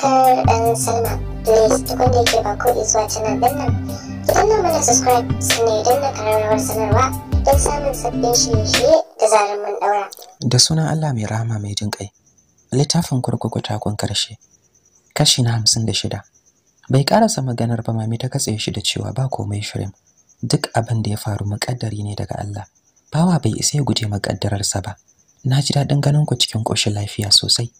subscribe and sign up. Please tukunde ke ba ko zuwa canal din nan. Ki danna mana subscribe sannan idan na karar sanarwa don samun sabbin shirye-shirye da zarar mun daura. Da sunan Allah mai rahama mai jin kai. Littafin kurkuku ta kun karshe. Kashi na hamsin da shida. Bai karasa maganar ba mami ta katse shi da cewa ba komai shirin. Duk abin da ya faru muƙaddari ne daga Allah. Bawa bai isa ya guje muƙaddararsa ba. Na ji daɗin ganin ku cikin ƙoshin lafiya sosai.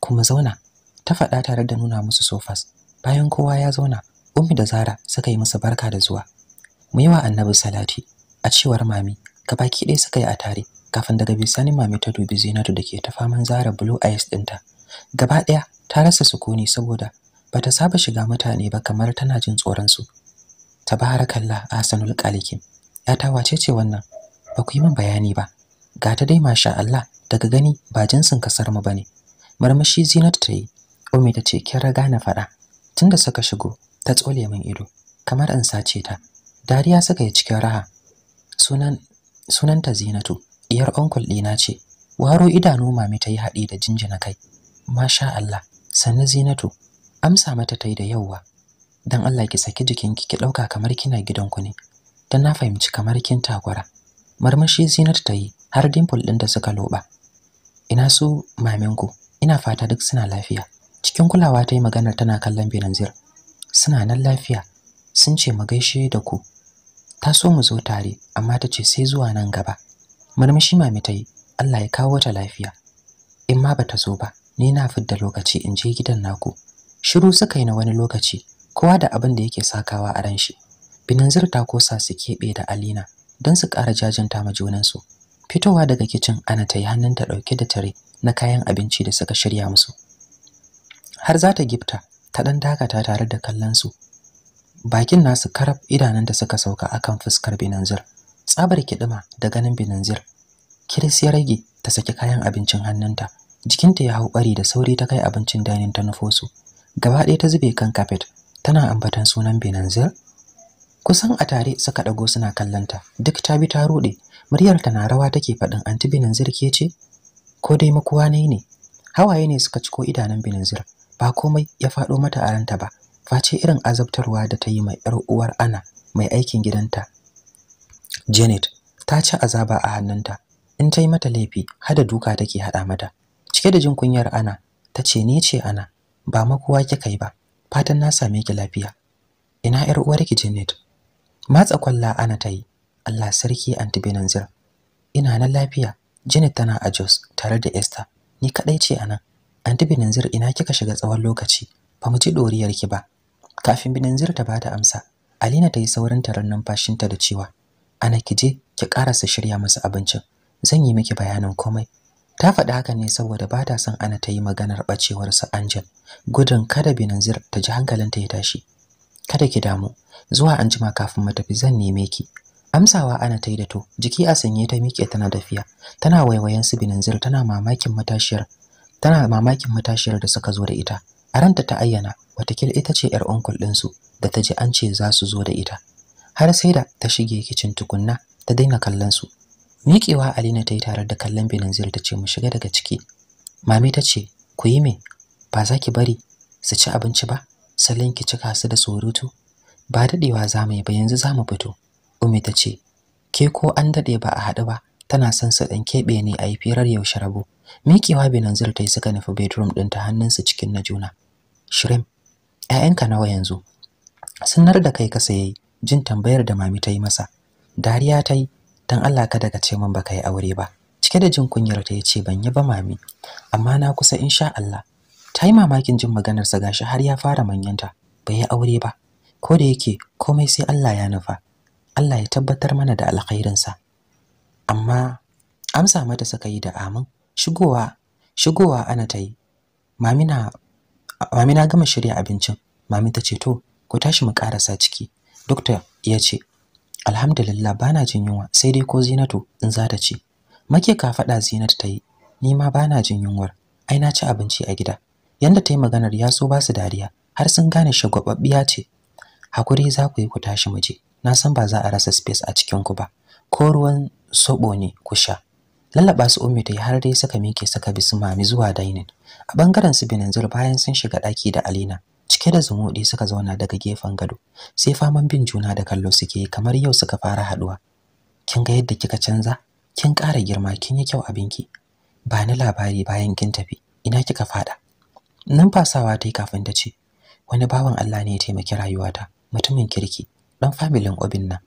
Kuma zauna, ta faɗa tare da nuna musu sofas bayan kowa ya zauna ummi da zara suka yi musu barka da zuwa mu yi wa annabi salati a cewar mami ka baki ɗaya suka yi a tare kafin daga bisani mami ta dubi zinatu da ke ta faman zara blue eyes ɗinta gaba ɗaya ta rasa sukuni saboda ba bata saba shiga mutane ba kamar tana jin tsoron su Ta tabarakallah ahsanul Kalikin. ya ta wace ce wannan ba ku yi min bayani ba ga ta dai masha Allah daga gani ba jinsin kasar mu ne. marmashi zinatu ta yi Umi ta ce kin raga na faɗa. Tunda suka shigo ta tsole min ido kamar in sace ta. Dariya suka yi cikin raha. Sunan sunanta Zinatu, iyar uncle ɗina ce. Waro idanu mami ta yi haɗi da jinjina kai. Masha Allah, sannu Zinatu. Amsa mata ta yi da yauwa. Dan Allah ki saki jikinki ki ɗauka kamar kina gidanku ne. Dan na fahimci kamar kin takwara. Marmashi Zinatu ta yi har dimple da suka loba. Ina su maminku, ina fata duk suna lafiya. Cikin kulawa ta yi maganar tana kallon Benanzir. Suna nan lafiya, sun ce mu gaishe da ku. Ta so mu zo tare, amma ta ce sai zuwa nan gaba. Murmushi mami ta yi, Allah ya kawo ta lafiya. In ma ba ta zo ba, ni na fidda lokaci in je gidan naku. Shiru suka yi na wani lokaci, kowa da abin da yake sakawa a ran shi. Binanzir ta kosa su keɓe da Alina don su ƙara jajinta ma junansu. Fitowa daga kicin ana ta yi hannunta ɗauke da tare na kayan abinci da suka shirya musu. har za ta gifta ta ɗan dakata tare da kallon su bakin nasu karab idanun da suka sauka akan fuskar binanzir tsabar kiɗima da ganin binanzir kiris ya rage ta saki kayan abincin hannunta jikinta ya hau bari da sauri ta kai abincin dainin ta nufo su gaba ɗaya ta zube kan kafet tana ambatan sunan binanzir kusan a tare suka ɗago suna kallonta duk ta bi ta ruɗe muryarta na rawa take faɗin anti binanzir ke ce ko dai makuwa ne ne hawaye ne suka ciko idanun binanzir ba komai ya faɗo mata a ranta ba face irin azabtarwa da ta yi mai yar uwar ana mai aikin gidanta Janet ta ci azaba a hannunta in ta yi mata laifi hada duka take hada mata cike da jin kunyar ana ta ce ni ce ana ba makuwa kika yi ba fatan na same ki lafiya ina yar uwarki Janet matsa kwalla ana ta yi Allah sarki anti Benanzir ina na lafiya Janet tana a Jos tare da Esther ni kadai ce anan anti Binanzir ina kika shiga tsawon lokaci ba mu ci doriyar ki ba kafin Binanzir ta bata amsa Alina ta yi saurin taron numfashinta da cewa ana kije ki karasa shirya musu abincin zan yi miki bayanin komai ta faɗi haka ne saboda ba ta son ana ta yi maganar bacewar su Angel gudun kada Binanzir ta ji hankalinta ya tashi kada ki damu zuwa anjima kafin mu tafi zan neme ki amsawa ana ta yi da to jiki a sanye ta miƙe tana tafiya tana waiwayen su Binanzir tana mamakin matashiyar tana mamakin matashiyar da suka zo da ita a ranta ta ayyana watakil ita ce yar uncle ɗinsu da ta ji an ce za su zo da ita har sai da ta shige kicin tukunna ta daina kallon su miƙewa alina ta yi tare da kallon benazir ta ce mu shiga daga ciki mami ta ce ku yi min, ba za ki bari su ci abinci ba salon ki cika su da surutu ba daɗewa za mu yi ba yanzu za mu fito umi ta ce ke ko an daɗe ba a haɗu ba tana son su ɗan keɓe ne a yi firar yaushe rabo Mikewa Binanzir ta yi suka nufi bedroom ta hannunsu cikin na juna. Shirim, ‘ya'yanka nawa yanzu? Sanar da kai kasa yayi jin tambayar da mami ta yi masa. Dariya ta yi, don Allah kada ka ce min baka yi aure ba. Cike da jin kunyar ta ya ce ban yi ba mami, amma na kusa insha Allah. Ta yi mamakin jin maganarsa gashi har ya fara manyanta, bai yi aure ba. Ko da yake komai sai Allah ya nufa. Allah ya tabbatar mana da alkhairinsa. Amma amsa mata suka yi da amin. shigowa shigowa ana ta yi mami na gama shirya abincin mami ta ce to ku tashi mu karasa ciki dokta ya ce alhamdulillah ba na jin yunwa sai dai ko zinatu in za ta ce make ka faɗa zinatu ta yi ni ma ba na jin yunwar ai na ci abinci a gida yanda ta yi maganar ya so ba su dariya har sun gane shagwababbiya ce hakuri za ku yi ku tashi mu je na san ba za a rasa space a cikin ku ba ko ruwan soɓo ne ku sha lallaba su ummi ta yi har dai saka mike saka bi su mami zuwa dining. a bangaren su binanzir bayan sun shiga daki da alina cike da zumuɗi suka zauna daga gefen gado sai faman bin juna da kallo suke kamar yau suka fara haduwa kin ga yadda kika canza kin ƙara girma kin yi kyau abinki ba ni labari bayan kin tafi ina kika fada numfasawa ta yi kafin ta ce wani bawan Allah ne ya taimaki rayuwata mutumin kirki dan familin obin nan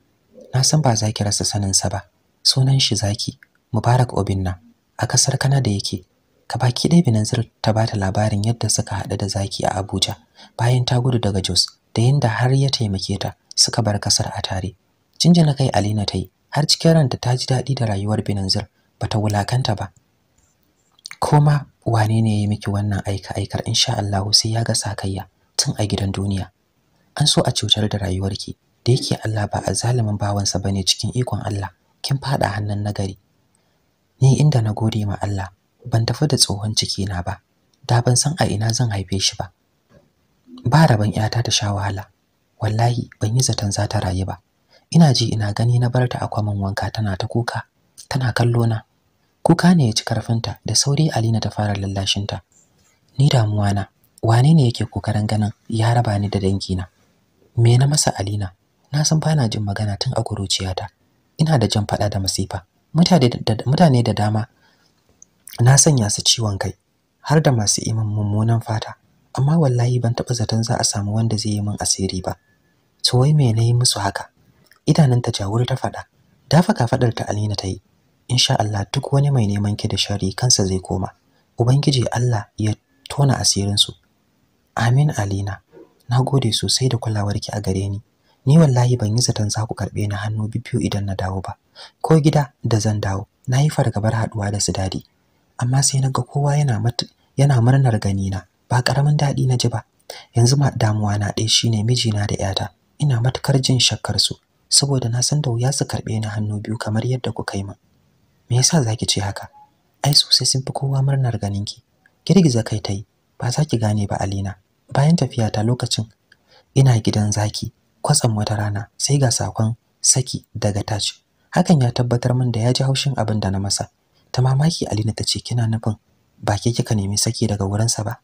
na san ba za ki rasa saninsa ba sunan shi zaki Mubarak Obinna a kasar Canada yake. ka baki ɗaya Binanzir ta ba ta labarin yadda suka haɗu da Zaki a Abuja bayan ta gudu daga Jos da yadda har ya taimake ta suka bar kasar a tare. Jinjina kai Alina ta yi har cikin ranta ta ji daɗi da rayuwar Binanzir ta wulakanta ba. Koma wane ne ya miki wannan aika aikar insha Allah sai ya ga sakayya tun a gidan duniya. An so a cutar da rayuwarki da yake Allah ba a zalimin bawansa bane cikin ikon Allah kin faɗa hannun nagari ni inda na gode ma Allah ban tafi da tsohon ciki na ba da ban san a ina zan haife shi ba ba rabon yata ta sha wahala wallahi ban yi zaton za ta rayu ba ina ji ina gani na barta a wanka tana ta kuka tana kallo na kuka ne ya ci karfinta da sauri Alina ta fara lallashinta ni damuwa na wane ne yake kokarin ganin ya raba ni da na. me na masa Alina na san bana jin magana tun a kuruciyata ina da jan faɗa da masifa mutane da dama na sanya su ciwon kai har da masu iman mummunan fata amma wallahi ban taɓa zaton za a samu wanda zai yi min asiri ba to wai me nayi musu haka ta jawur ta faɗa dafa kafaɗar ta Alina ta yi insha Allah duk wani mai neman ki da shari kansa zai koma ubangiji Allah ya tona asirin su amin Alina gode sosai da kulawarki a gare ni ni wallahi ban yi zaton za ku karɓe ni hannu bibiyu idan na dawo ba ko gida da zan dawo na yi fargabar haɗuwa da su dadi amma sai na ga kowa yana yana murnar ganina ba ƙaramin daɗi na ji ba yanzu ma damuwa na ɗaya shine mijina da yata ina matukar jin shakkar su saboda na san da wuya su karɓe ni hannu biyu kamar yadda kuka yi min me yasa zaki ce haka ai sosai sun fi kowa murnar ganin ki. girgiza kai tai ba za ki gane ba alina bayan tafiya ta lokacin ina gidan zaki kwatsam wata rana sai ga sakon saki daga touch hakan ya tabbatar min da ya ji haushin abin da na masa ta mamaki Alina ta ce kina nufin ba ke kika nemi saki daga wurinsa ba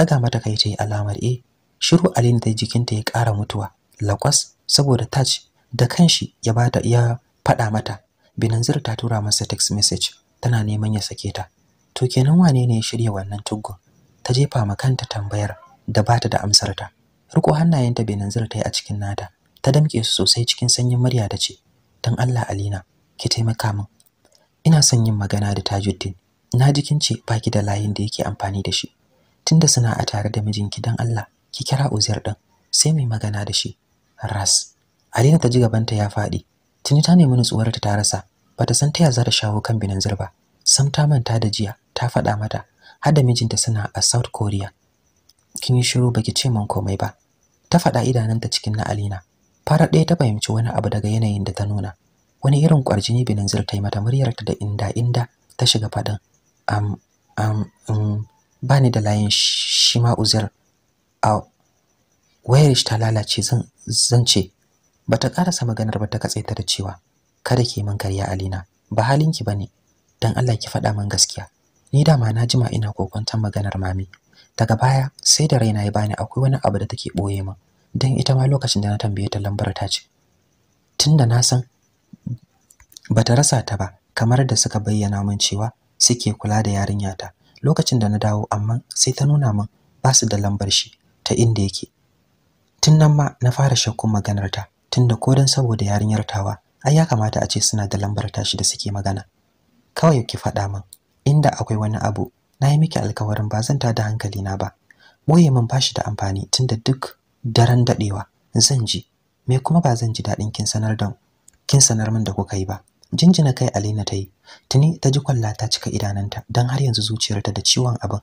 daga mata kai yi alamar eh shiru Alina ta jikinta ya kara mutuwa lakwas saboda touch da kanshi ya bata ya faɗa mata Binanzir ta tura masa text message tana neman ya sake ta to kenan wane ne ya shirya wannan tuggo ta jefa ma kanta tambayar da bata da amsar ta. riko hannayenta Binanzir ta yi a cikin nata ta damke su sosai cikin sanyin murya ta ce don Allah Alina ki taimaka min ina son yin magana da Tajuddin na ji kin ce ki da layin da yake amfani da shi tunda suna a tare da mijinki don Allah ki kira Uzair din sai mai magana da shi ras Alina ta ji gabanta ya faɗi tuni ta nemi nutsuwar ta rasa bata san ta ya za shawo kan binan zirba sam ta manta da jiya ta faɗa mata har da mijinta suna a South Korea kin yi shiru baki ce min komai ba ta faɗa idananta cikin na Alina Fara ɗaya ta fahimci wani abu daga yanayin da ta nuna. Wani irin kwarjini binin ta yi mata muryarta da inda inda ta shiga faɗin. Am am um, ba ni da layin shi ma uzir. A wayar ta lalace zan zan ce. Bata karasa maganar ba ta katse ta da cewa kada ki min karya Alina ba halinki ne, dan Allah ki faɗa min gaskiya. Ni da ma na jima ina kokwantan maganar mami. Daga baya sai da raina ya bani akwai wani abu da take boye min. dan ita ma lokacin da na tambaye ta lambar ta ce tunda na san bata rasa ta ba kamar da suka bayyana min cewa suke kula da yarinya ta lokacin da na dawo amma sai ta nuna min ba su da lambar shi ta inda yake tun nan ma na fara shakkun maganar ta tunda ko dan saboda yarinyar tawa ai ya kamata a ce suna da lambar tashi da suke magana kawai ki faɗa min inda akwai wani abu na yi miki alkawarin ba zan da hankali na ba boye min bashi da amfani tunda duk daren dadewa zan ji me kuma ba zan ji dadin kin sanar da kin sanar min da kuka yi ba jinjina kai Alina ta yi tuni ta ji kwalla ta cika idananta dan har yanzu zuciyarta da ciwon abin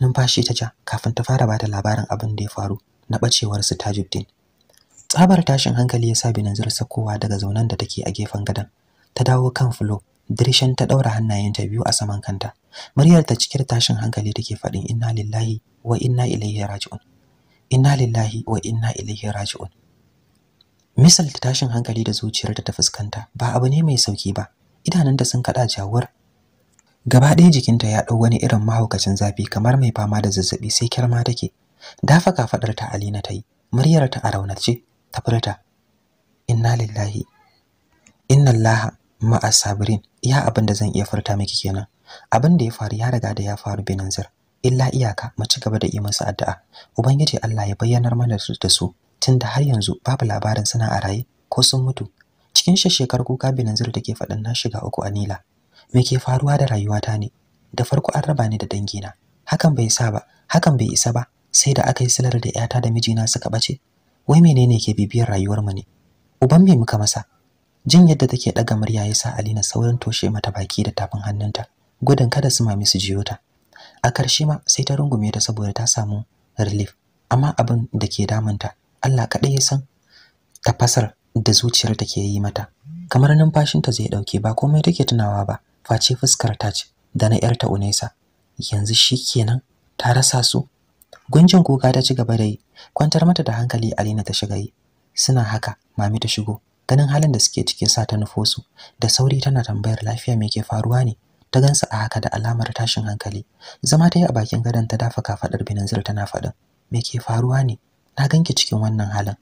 numfashi ta ja kafin ta fara bada labarin abin da ya faru na bacewar su Tajuddin tsabar tashin hankali ya sa Binanzir kowa daga zaunan da take a gefen gadan ta dawo kan fulo dirishan ta daura hannayenta biyu a saman kanta muryar ta cikin tashin hankali take faɗin inna lillahi wa inna ilaihi raji'un inna lillahi wa inna ilaihi raji'un misalta tashin hankali da zuciyarta ta fuskanta ba abu ne mai sauki ba idanunta sun kada jawur gaba ɗaya jikinta ya ɗau wani irin mahaukacin zafi kamar mai fama da zazzabi sai kirma take dafa ta alina ta yi muryarta a raunace ta furta inna lillahi inna allaha ma'a sabirin iya abin da zan iya furta miki kenan abin da ya faru ya riga da ya faru binanzir illa iyaka mu ci gaba da yi musu addu'a ubangiji Allah ya bayyanar mana su da su tunda har yanzu babu labarin suna a raye ko sun mutu cikin shekar kuka binanzir take faɗin na shiga uku anila me ke faruwa da rayuwata ne da farko an raba ni da dangina hakan bai sa ba hakan bai isa ba sai da aka yi silar da yata da mijina suka bace wai menene ke bibiyar rayuwar mu ne uban me muka masa jin yadda take daga murya yasa Alina saurin toshe mata baki da tafin hannunta gudun kada su mami su jiyo a ƙarshe ma sai ta rungume ta saboda ta samu relief amma abin da ke damunta Allah kaɗai ya san tafasar da zuciyar ke yi mata kamar numfashinta zai ɗauke ba komai take tunawa ba face fuskar ta ce da na yarta Unesa yanzu shi shikenan ta rasa su gunjin kuka ta ci gaba da yi kwantar mata da hankali Alina ta shiga yi suna haka mami ta shigo ganin halin da suke ciki sa ta nufo su da sauri tana tambayar lafiya me ke faruwa ne ta gansa a haka da alamar tashin hankali zama ta yi a bakin gadon ta dafa kafadar binanzir tana faɗin me ke faruwa ne na ganki cikin wannan halin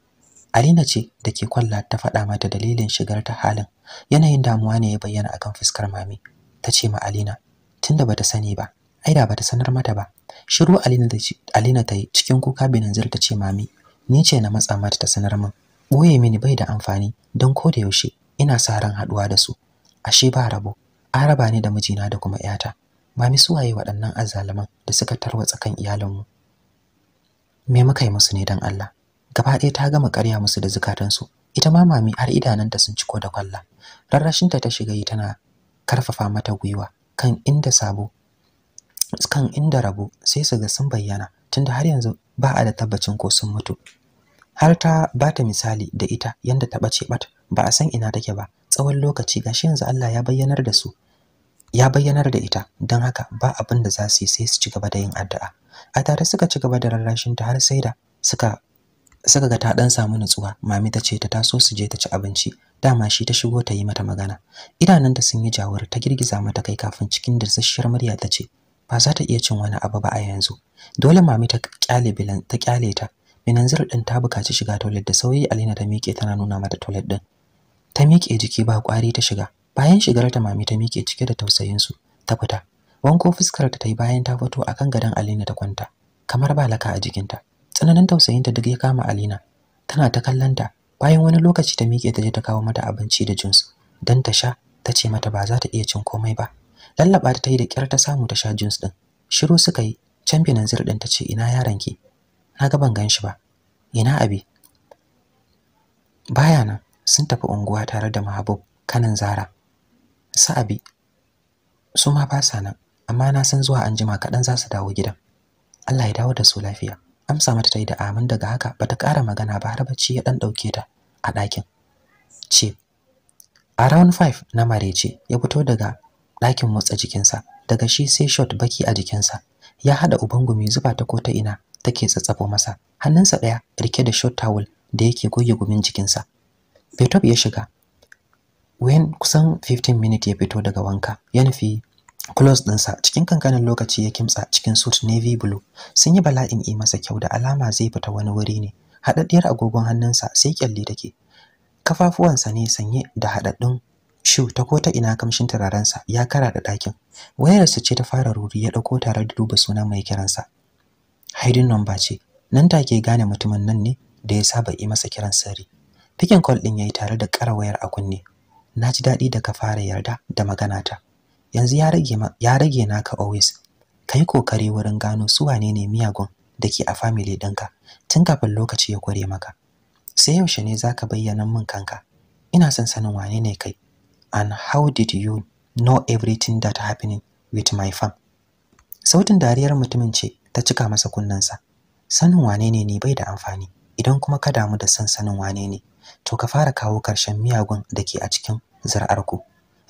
Alina ce da ke kwalla ta faɗa mata dalilin shigar ta halin yanayin damuwa ne ya bayyana akan fuskar mami ta ce ma Alina tunda bata sani ba ai da bata sanar mata ba shiru Alina ta yi cikin kuka binanzir ta ce mami ni ce na matsa mata ta sanar min boye mini bai da amfani don ko da yaushe ina sa ran haɗuwa da su ashe ba rabo Araba ne da mijina da kuma 'yata mami waye waɗannan azzaluman da suka tarwatsa kan iyalinmu me muka yi musu ne don Allah gaba ɗaya ta gama ƙarya musu da zukatansu ita ma mami har idananta sun ciko da kwalla rarrashinta ta shiga yi tana karfafa mata gwiwa kan inda sabo kan inda rabo sai su ga sun bayyana tunda har yanzu ba a da tabbacin ko sun mutu har ta bata misali da ita yanda ta ɓace bata ba a san ina take ba tsawon lokaci gashi yanzu Allah ya bayyanar da su ya bayyanar da ita don haka ba abin da za su yi sai su ci gaba da yin addu'a a tare suka ci gaba da rarrashin ta har sai da suka suka ga ta dan samu nutsuwa mami ta ce ta taso su je ta ci abinci dama shi ta shigo ta yi mata magana idanun ta sun yi jawur ta girgiza mata kai kafin cikin dirsasshiyar murya ta ce ba za ta iya cin wani abu ba a yanzu dole mami ta kyale bilan ta kyale ta minanzir din ta buƙaci shiga toilet da sauyi alina ta miƙe tana nuna mata toilet din ta miƙe jiki ba ƙwari ta shiga bayan shigar ta mami ta miƙe cike da tausayin su ta fita wanko fuskar ta yi bayan ta fito akan gadon Alina ta kwanta kamar ba laka a jikinta tsananin tausayin ta duk ya kama Alina tana ta kallon ta bayan wani lokaci ta miƙe ta je ta kawo mata abinci da juice dan ta sha ta ce mata ba za ta iya cin komai ba lallaba ta yi da kyar ta samu ta sha juice din shiru suka yi champion zir din ta ce ina yaron ki na ga ban ganshi ba ina abi baya nan sun tafi unguwa tare da Mahabub kanin Zara. Sa'abi su ma ba sa nan, amma na san zuwa anjima kaɗan za su dawo gidan. Allah ya dawo da su lafiya. Amsa mata ta yi da amin daga haka bata ƙara magana ba har bacci ya ɗan ɗauke ta a ɗakin. Ce, a round 5 na marece ya fito daga ɗakin motsa jikinsa, daga shi sai shot baki a jikinsa. Ya haɗa ubangumi zuba ta ko ta ina take tsatsafo masa. Hannunsa ɗaya rike da shot towel da yake goge gumin jikinsa. Betop ya shiga. Wayan kusan 15 minutes ya fito daga wanka, ya nufi close ɗinsa cikin kankanin lokaci ya kimtsa cikin suit navy blue. Sun yi bala'in yi masa kyau da alama zai fita wani wuri ne. Haɗaɗɗiyar agogon hannunsa sai kyalle take. Kafafuwansa ne sanye da haɗaɗɗun shu ta ko ta ina kamshin turarensa ya kara da ɗakin. Wayarsa ce ta fara ruri ya ɗauko tare da duba sunan mai kiransa. Haidin number ce, nan take gane mutumin nan ne da ya saba yi masa kiran sirri. Pikin call din yayi tare da karawayar a kunne. Na ji daɗi da ka fara yarda da magana ta. Yanzu ya rage ya rage naka always. Kai kokari wurin gano su wane ne miyagun da ke a family ɗinka tun kafin lokaci ya kware maka. Sai yaushe ne zaka bayyana min kanka? Ina son sanin wane ne kai. And how did you know everything that happening with my fam? Sautin dariyar mutumin ce ta cika masa kunnensa. Sanin wane ne ne bai da amfani idan kuma ka damu da san sanin wane ne. to ka fara kawo karshen miyagun da ke a cikin zar'arku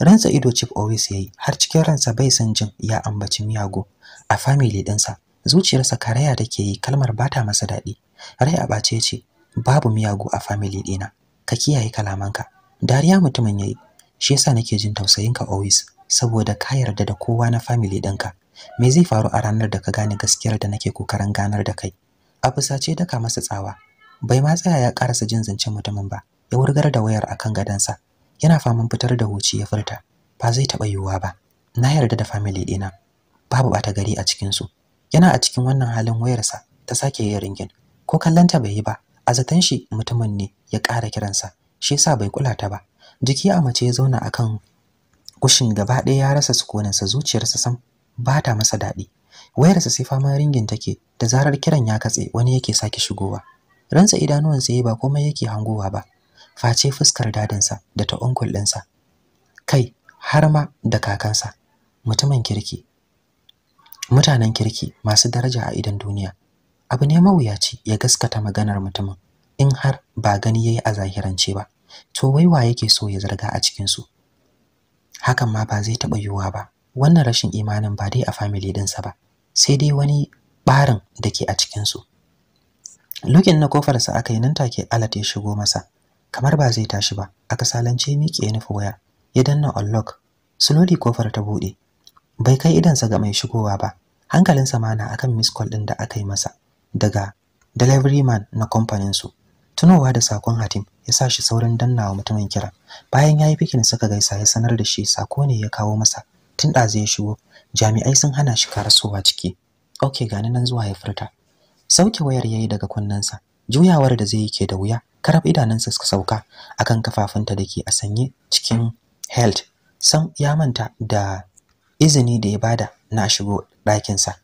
rantsa ido chief always yayi har cikin ransa bai san jin ya ambaci miyago a family ɗinsa zuciyarsa karaya take yi kalmar bata masa daɗi rai a ɓace ce babu miyago a family ɗina ka kiyaye kalamanka dariya mutumin yayi shi yasa nake jin tausayin ka always saboda ka yarda da kowa na family ɗinka me zai faru a ranar da ka gane gaskiyar da nake kokarin ganar da kai a fusace daka masa tsawa bai ma tsaya ya karasa jin zancen mutumin ba ya wurgar da wayar akan gadansa yana faman fitar da huci ya furta ba zai taba yiwuwa ba na yarda da family ɗina babu bata gari a cikin su yana a cikin wannan halin wayarsa ta sake yin ringin ko kallanta bai yi ba a zaton shi mutumin ne ya kara kiransa shi yasa bai kula ta ba jiki a mace ya zauna akan kushin gaba ɗaya ya rasa sukoninsa zuciyarsa sam ba ta masa daɗi wayarsa sai faman ringin take da zarar kiran ya katse wani yake sake shigowa Ransa idanuwan yayi ba komai yake hangowa ba. Face fuskar dadinsa da ta onkul ɗinsa. Kai har ma da kakansa. Mutumin kirki. Mutanen kirki masu daraja a idan duniya. Abu ne mawuyaci ya gaskata maganar mutumin in har ba gani yayi a zahirance ba. To wai wa yake so ya zarga a cikin su? Hakan ma ba zai taɓa yiwuwa ba. Wannan rashin imanin ba dai a family ɗinsa ba. Sai dai wani ɓarin da ke a su Lukin na kofar sa aka yi nan take alat ya shigo masa. Kamar ba zai tashi ba, aka salance miƙe ya nufi waya. Ya danna unlock. Slowly kofar ta buɗe. Bai kai sa ga mai shigowa ba. Hankalin sa na akan miss call ɗin da aka yi masa daga delivery man na kamfanin su. Tunowa da sakon Hatim ya sa shi saurin dannawa mutumin kira. Bayan ya yi fikin suka gaisa ya sanar da shi sako ne ya kawo masa. Tun ɗazu ya shigo, jami'ai sun hana shi karasowa ciki. okay gani nan zuwa ya furta. sauke wayar yayi daga kunnensa juyawar da zai yake da wuya karab idanunsa suka sauka akan kafafunta dake a sanye cikin held sam ya manta da izini da ya bada na shigo ɗakinsa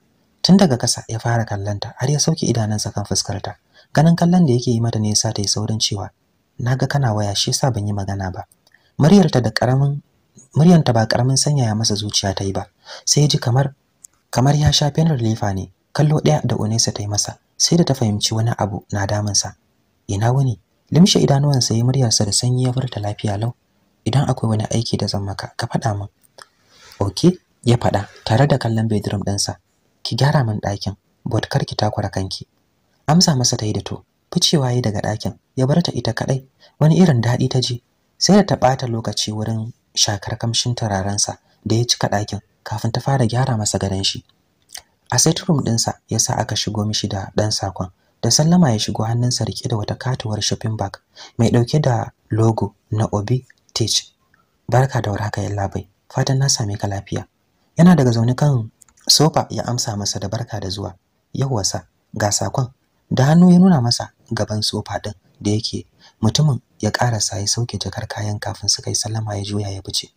tun daga kasa, ya fara kallonta har ya sauke idanunsa kan fuskarta ganin kallon da yake yi mata ne yasa ta yi saurin cewa naga kana waya shi yasa ban yi magana ba muryarta da karamin muryarta ba karamin sanyaya masa zuciya ta yi ba sai ya ji kamar kamar ya sha fenar lefa ne kallo ɗaya da Onesa ta yi masa sai da ta fahimci wani abu na damunsa ina wani limshe idanuwansa ya muryarsa da sanyi ya furta lafiya lau idan akwai wani aiki da zan maka ka faɗa min okay ya faɗa tare da kallon bedroom ɗinsa ki gyara min ɗakin bot kar ki takura kanki amsa masa ta yi da to ficewa yi daga ɗakin ya bar ta ita kaɗai wani irin daɗi ta ji sai da ta ɓata lokaci wurin shakar kamshin turarensa da ya cika ɗakin kafin ta fara gyara masa gadon shi a set room ɗinsa ya sa aka shigo mishi da ɗan sakon da sallama ya shigo hannunsa rike da wata katuwar shopping bag mai ɗauke da logo na obi teach barka da warhaka yalla bai fatan na same ka lafiya yana daga zaune kan sofa ya amsa masa da barka da zuwa yawwasa ga sakon da hannu ya nuna masa gaban sofa ɗin da yake mutumin ya karasa ya sauke jakar kayan kafin suka yi sallama ya juya ya fice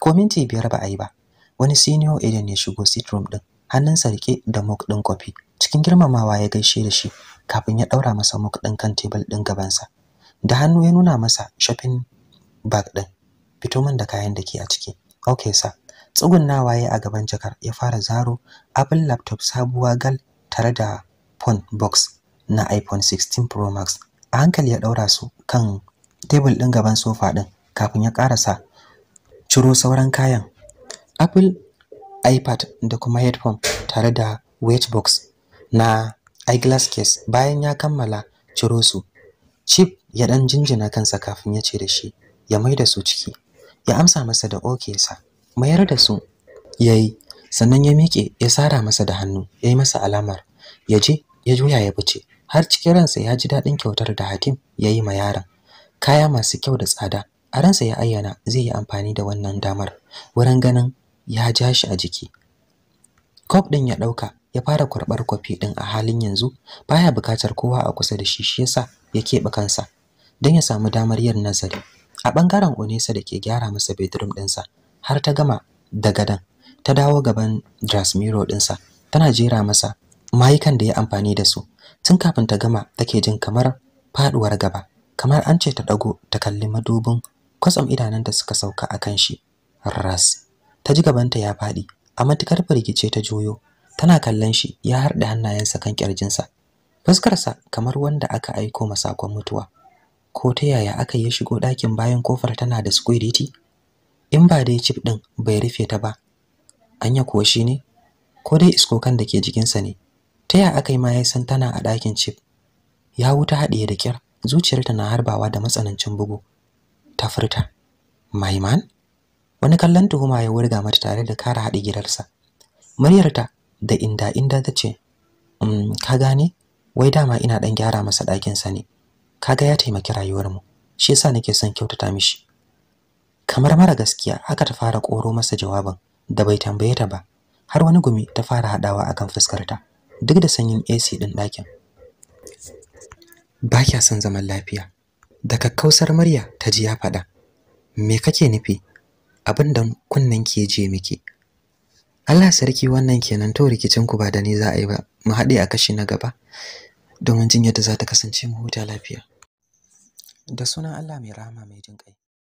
ko minti biyar ba a yi ba wani senior agent ya shigo sit ɗin. Hannun sa rike da mug ɗin kofi cikin girmamawa ya gaishe da shi kafin ya ɗaura masa mug ɗin kan tebul ɗin gabansa da hannu ya nuna masa shopping bag ɗin fito min da kayan da ke a ciki ok sa tsugunnawa ya a gaban jakar ya fara zaro abin laptop sabuwa gal tare da phone box na iphone 16 pro max a hankali ya ɗaura su kan tebul ɗin gaban sofa ɗin kafin ya ƙarasa ciro sauran kayan apple iPad da kuma headphone tare da box na eyeglass case bayan ya kammala ciro su Chip ya dan jinjina kansa kafin ya ce da shi ya mai da su ciki ya amsa masa da oke sa mayar da su yayi sannan ya miƙe ya sara masa da hannu ya yi masa alamar ya je ya juya ya fice har cikin ransa ya ji daɗin kyautar da Hatim ya yi ma yaron kaya masu kyau da tsada a ransa ya ayyana zai yi amfani da wannan damar wurin ganin ya ja shi a jiki Kof ɗin ya ɗauka ya fara kurɓar kwafi ɗin a halin yanzu baya buƙatar kowa a kusa da shi shi yasa ya keɓe kansa don ya samu damar yin nazari. A ɓangaren Onesa da ke gyara masa bedroom ɗinsa har ta gama da gadon ta dawo gaban Drasmiro ɗinsa tana jera masa mayukan da ya amfani da su tun kafin ta gama take jin kamar faɗuwar gaba kamar an ce ta ɗago ta kalli madubin kwatsam da suka sauka a kan shi ras ta ji gabanta ya faɗi a matukar firgice ta juyo tana kallon shi ya harda hannayensa kan kirjinsa fuskarsa kamar wanda aka aiko masakon mutuwa ko ta yaya aka yi shigo ɗakin bayan kofar tana da security in ba dai chip ɗin bai rufe ta ba anya kuwa shi ne ko dai iskokan da ke jikinsa ne ta yaya aka yi ma ya san tana a ɗakin chip ya wuta haɗiye da kyar zuciyarta na harbawa da matsanancin bugu ta furta maiman wani kallon tuhuma ya wurga mata tare da kara haɗe girarsa muryarta da inda inda ta ce mm, ka gane wai dama ina ɗan gyara masa ɗakinsa ne 'Ka ga ya taimaki rayuwarmu shi yasa nake son kyautata mishi kamar mara gaskiya haka ta fara koro masa jawabin da bai tambaye ta ba har wani gumi ta fara hadawa kan fuskarta duk da sanyin AC ɗin ɗakin ba kya son zaman lafiya da kakkausar murya ta ji ya faɗa me kake nufi abin da kunnen ke je miki Allah sarki wannan kenan to rikicin ku ba da ni za a yi ba mu haɗe a kashi na gaba domin jin yadda za ta kasance mu huta lafiya da sunan Allah mai rahama mai jin kai